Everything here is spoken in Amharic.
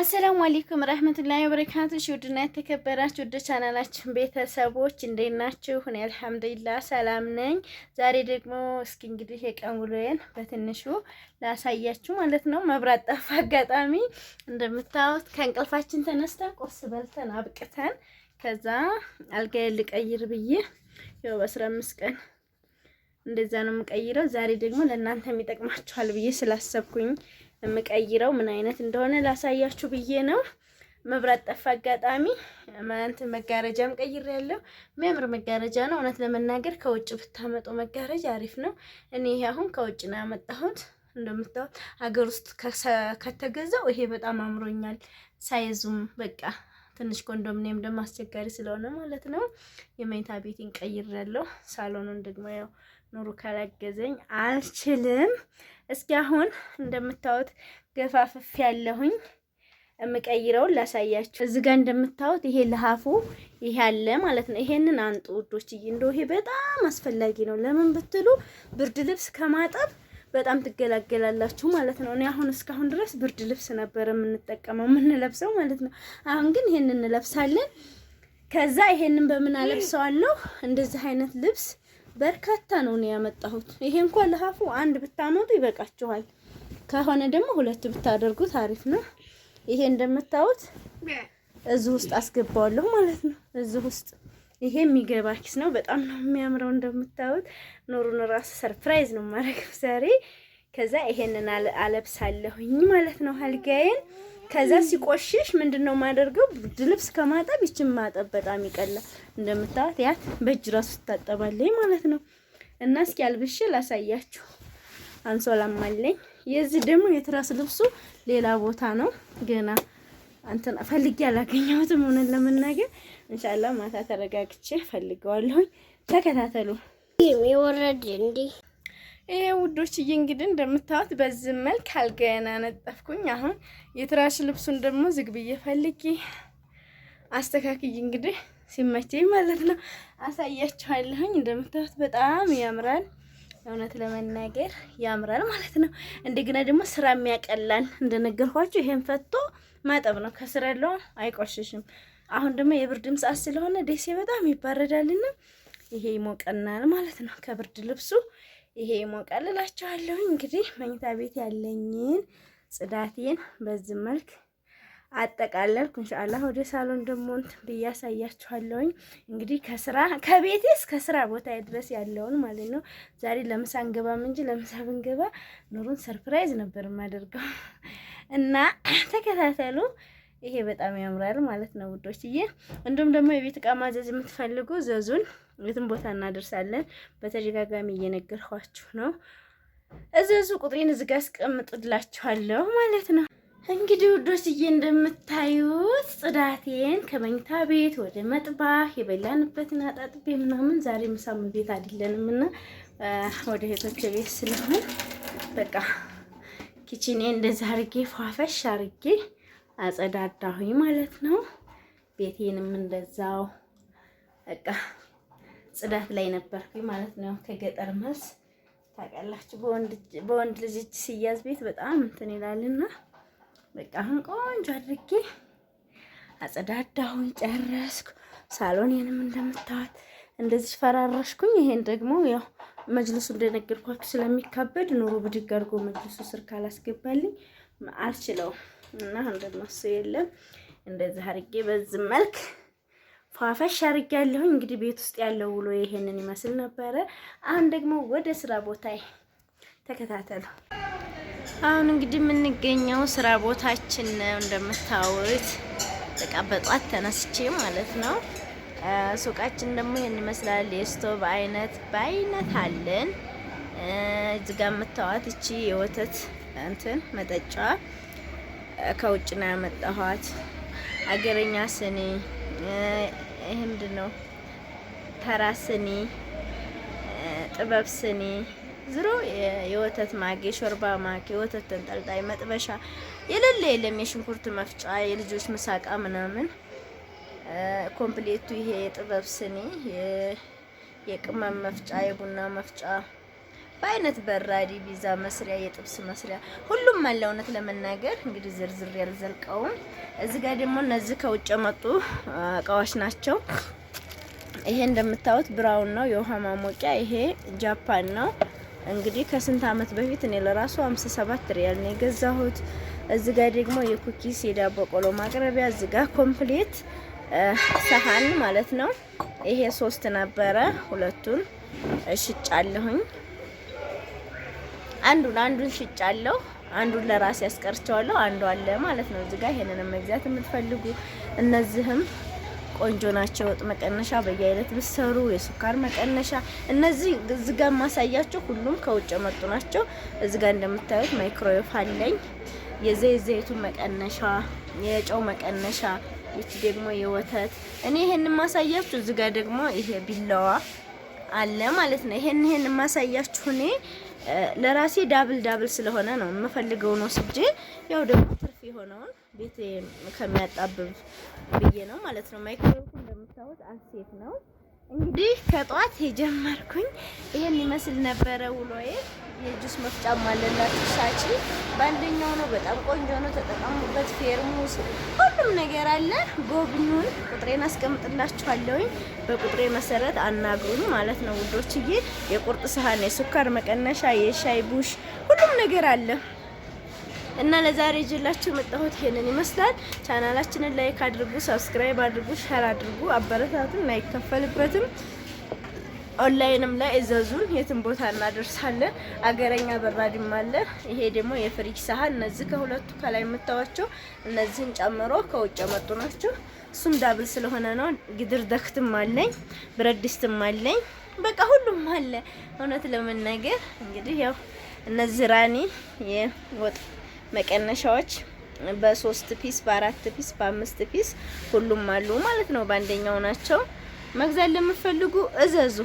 አሰላሙ አለይኩም ረህመቱላሂ ወበረካቱ ውድና የተከበራችሁ ውድ ቻናላችን ቤተሰቦች እንዴት ናችሁ? እኔ አልሐምዱሊላህ ሰላም ነኝ። ዛሬ ደግሞ እስኪ እንግዲህ የቀን ውሎዬን በትንሹ ላሳያችሁ ማለት ነው። መብራት ጠፋ አጋጣሚ እንደምታዩት ከእንቅልፋችን ተነስተን ቁርስ በልተን አብቅተን ከዛ አልጋዬን ልቀይር ብዬ ያው በአስራ አምስት ቀን እንደዛ ነው የምቀይረው። ዛሬ ደግሞ ለእናንተ የሚጠቅማችኋል ብዬ ስላሰብኩኝ የምቀይረው ምን አይነት እንደሆነ ላሳያችሁ ብዬ ነው። መብራት ጠፋ አጋጣሚ ማንት መጋረጃም ቀይር ያለው የሚያምር መጋረጃ ነው። እውነት ለመናገር ከውጭ ብታመጡ መጋረጃ አሪፍ ነው። እኔ ይሄ አሁን ከውጭ ነው ያመጣሁት። እንደምታዩት ሀገር ውስጥ ከተገዛው ይሄ በጣም አምሮኛል። ሳይዙም በቃ ትንሽ ኮንዶሚኒየም ደግሞ አስቸጋሪ ስለሆነ ማለት ነው የመኝታ ቤቴን ቀይሬያለሁ። ሳሎኑን ደግሞ ያው ኑሩ ካላገዘኝ አልችልም። እስኪ አሁን እንደምታዩት ገፋፍፍ ያለሁኝ የምቀይረውን ላሳያችሁ። እዚህ ጋር እንደምታዩት ይሄ ለሀፉ ይሄ አለ ማለት ነው። ይሄንን አንጡ ውዶችዬ፣ እንደው ይሄ በጣም አስፈላጊ ነው። ለምን ብትሉ ብርድ ልብስ ከማጠብ በጣም ትገላገላላችሁ ማለት ነው። እኔ አሁን እስካሁን ድረስ ብርድ ልብስ ነበር የምንጠቀመው የምንለብሰው ማለት ነው። አሁን ግን ይሄን እንለብሳለን። ከዛ ይሄንን በምን አለብሰዋለሁ? እንደዚህ አይነት ልብስ በርካታ ነው እኔ ያመጣሁት። ይሄ እንኳን ለሀፉ አንድ ብታመጡ ይበቃችኋል። ከሆነ ደግሞ ሁለት ብታደርጉት አሪፍ ነው። ይሄ እንደምታዩት እዚህ ውስጥ አስገባዋለሁ ማለት ነው እዚህ ውስጥ ይሄ የሚገባ ኪስ ነው። በጣም ነው የሚያምረው እንደምታዩት። ኖሩን ራሱ ሰርፕራይዝ ነው ማድረገው ዛሬ። ከዛ ይሄንን አለብሳለሁኝ ማለት ነው አልጋዬን። ከዛ ሲቆሽሽ ምንድን ነው ማደርገው? ብርድ ልብስ ከማጠብ ይችን ማጠብ በጣም ይቀላል። እንደምታዩት ያት በእጅ ራሱ ትታጠባለኝ ማለት ነው። እና እስኪ አልብሼ ላሳያችሁ። አንሶላም አለኝ። የዚህ ደግሞ የትራስ ልብሱ ሌላ ቦታ ነው ገና እንትን ፈልጌ አላገኘሁትም። እውነት ለመናገር እንሻላ ማታ ተረጋግቼ ፈልገዋለሁኝ። ተከታተሉ። ወረድ እንዲህ ይሄ ውዶችዬ እንግዲህ እንደምታዩት በዚህ መልክ አልጋዬን አነጠፍኩኝ። አሁን የትራሽ ልብሱን ደግሞ ዝግ ብዬ ፈልጌ አስተካክዬ እንግዲህ ሲመቼ ማለት ነው አሳያችኋለሁኝ። እንደምታዩት በጣም ያምራል፣ እውነት ለመናገር ያምራል ማለት ነው። እንደገና ደግሞ ስራ የሚያቀላል እንደነገርኳችሁ ይሄን ፈቶ ማጠብ ነው። ከስር ያለው አይቆሽሽም። አሁን ደግሞ የብርድም ሰዓት ስለሆነ ደሴ በጣም ይባረዳልና ይሄ ይሞቀናል ማለት ነው። ከብርድ ልብሱ ይሄ ይሞቃል እላችኋለሁ። እንግዲህ መኝታ ቤት ያለኝን ጽዳቴን በዚህ መልክ አጠቃለልኩ። ኢንሻአላህ ወደ ሳሎን ደግሞ እንትን ብዬ አሳያችኋለሁኝ። እንግዲህ ከስራ ከቤቴ እስከ ስራ ቦታ ድረስ ያለውን ማለት ነው። ዛሬ ለምሳ እንገባም እንጂ ለምሳ ብንገባ ኑሩን ሰርፕራይዝ ነበር የማደርገው እና ተከታተሉ። ይሄ በጣም ያምራል ማለት ነው ውዶች ውዶችዬ። እንዲሁም ደግሞ የቤት እቃ ማዘዝ የምትፈልጉ ዘዙን፣ የትም ቦታ እናደርሳለን። በተደጋጋሚ እየነገርኳችሁ ነው። እዘዙ። ቁጥሬን እዚህ ጋ አስቀምጥላችኋለሁ ማለት ነው። እንግዲህ ውዶችዬ እንደምታዩት ጽዳቴን ከመኝታ ቤት ወደ መጥባህ የበላንበትን አጣጥቤ ምናምን ዛሬ ምሳም ቤት አይደለንም እና ወደ እህቶቼ ቤት ስለሆን በቃ ኪችኔ እንደዛ አርጌ ፏፈሽ አርጌ አጸዳዳሁኝ ማለት ነው። ቤቴንም እንደዛው በቃ ጽዳት ላይ ነበርኩኝ ማለት ነው። ከገጠር መልስ ታውቃላችሁ፣ በወንድ ልጅ ሲያዝ ቤት በጣም እንትን ይላልና በቃ አሁን ቆንጆ አድርጌ አጸዳዳሁን ጨረስኩ። ሳሎኔንም እንደምታዋት እንደዚህ ፈራረሽኩኝ። ይሄን ደግሞ ያው መጅልሱ እንደነገርኳችሁ ስለሚካበድ ኑሮ ብድግ አድርጎ መጅልሱ ስር ካላስገባልኝ አልችለውም እና አሁን ደግሞ እሱ የለም። እንደዚህ አድርጌ በዚህ መልክ ፏፈሽ አድርጌያለሁኝ። እንግዲህ ቤት ውስጥ ያለው ውሎ ይሄንን ይመስል ነበረ። አሁን ደግሞ ወደ ስራ ቦታዬ ተከታተሉ። አሁን እንግዲህ የምንገኘው ስራ ቦታችን ነው። እንደምታዩት በቃ በጧት ተነስቼ ማለት ነው። ሱቃችን ደግሞ ይሄን ይመስላል። የስቶቭ አይነት በአይነት አለን። እዚህ ጋር የምታዋት እቺ የወተት እንትን መጠጫ ከውጭ ነው ያመጣኋት። አገረኛ ስኒ፣ ይህ ምንድን ነው? ተራ ስኒ፣ ጥበብ ስኒ ዝሮ የወተት ማጌ፣ የሾርባ ማጌ፣ የወተት ተንጠልጣይ፣ መጥበሻ የሌለ የለም። የሽንኩርት መፍጫ፣ የልጆች ምሳቃ ምናምን ኮምፕሌቱ ይሄ የጥበብ ስኒ፣ የቅመም መፍጫ፣ የቡና መፍጫ በአይነት በራዲ፣ ቪዛ መስሪያ፣ የጥብስ መስሪያ ሁሉም አለ። እውነት ለመናገር እንግዲህ ዝርዝር ያልዘልቀውም። እዚህ ጋር ደግሞ እነዚህ ከውጭ የመጡ እቃዎች ናቸው። ይሄ እንደምታዩት ብራውን ነው፣ የውሃ ማሞቂያ። ይሄ ጃፓን ነው። እንግዲህ ከስንት አመት በፊት እኔ ለራሱ 57 ሪያል ነው የገዛሁት። እዚህ ጋር ደግሞ የኩኪስ የዳቦ ቆሎ ማቅረቢያ፣ እዚህ ጋር ኮምፕሌት ሰሃን ማለት ነው። ይሄ ሶስት ነበረ፣ ሁለቱን እሽጫለሁኝ። አንዱን አንዱን ሽጫለሁ፣ አንዱን ለራሴ ያስቀርቸዋለሁ። አንዱ አለ ማለት ነው። እዚህ ጋር ይሄንን መግዛት የምትፈልጉ እነዚህም ቆንጆ ናቸው። ወጥ መቀነሻ በየአይነት ብሰሩ የሱካር መቀነሻ እነዚህ እዚህ ጋር ማሳያቸው ሁሉም ከውጭ የመጡ ናቸው። እዚህ ጋር እንደምታዩት ማይክሮዌቭ አለኝ። የዘይት ዘይቱ መቀነሻ፣ የጨው መቀነሻ ይቺ ደግሞ የወተት እኔ ይሄን ማሳያችሁ። እዚህ ጋር ደግሞ ይሄ ቢላዋ አለ ማለት ነው። ይሄን ይሄን ማሳያችሁ እኔ ለራሴ ዳብል ዳብል ስለሆነ ነው የምፈልገው ነው ስጄ ያው ደግሞ የሆነውን ቤት ከሚያጣብብ ብዬ ነው ማለት ነው። ማይክሮዌቭ እንደምታዩት አሴት ነው። እንግዲህ ከጠዋት የጀመርኩኝ ይሄን ይመስል ነበረ ውሎዬ። የጁስ መፍጫ አለላችሁ ሳቺ በአንደኛው ነው። በጣም ቆንጆ ነው፣ ተጠቀሙበት። ፌርሙስ፣ ሁሉም ነገር አለ። ጎብኙን። ቁጥሬን አስቀምጥላችኋለሁኝ። በቁጥሬ መሰረት አናግሩኝ ማለት ነው ውዶችዬ። የቁርጥ ሰሃን፣ የሱካር መቀነሻ፣ የሻይ ቡሽ ሁሉም ነገር አለ። እና ለዛሬ ይዤላችሁ የመጣሁት ይሄንን ይመስላል። ቻናላችንን ላይክ አድርጉ፣ ሰብስክራይብ አድርጉ፣ ሸር አድርጉ፣ አበረታቱን። አይከፈልበትም። ኦንላይንም ላይ እዘዙን፣ የትን ቦታ እናደርሳለን። አገረኛ በራድም አለ። ይሄ ደግሞ የፍሪጅ ሳህን። እነዚህ ከሁለቱ ከላይ የምታዋቸው እነዚህን ጨምሮ ከውጭ የመጡ ናቸው። እሱም ዳብል ስለሆነ ነው። ግድር ደክትም አለኝ፣ ብረት ድስትም አለኝ። በቃ ሁሉም አለ። እውነት ለመናገር እንግዲህ ያው እነዚህ ራኒ የወጥ መቀነሻዎች በሶስት ፒስ፣ በአራት ፒስ፣ በአምስት ፒስ ሁሉም አሉ ማለት ነው። በአንደኛው ናቸው። መግዛት ለምትፈልጉ እዘዙ።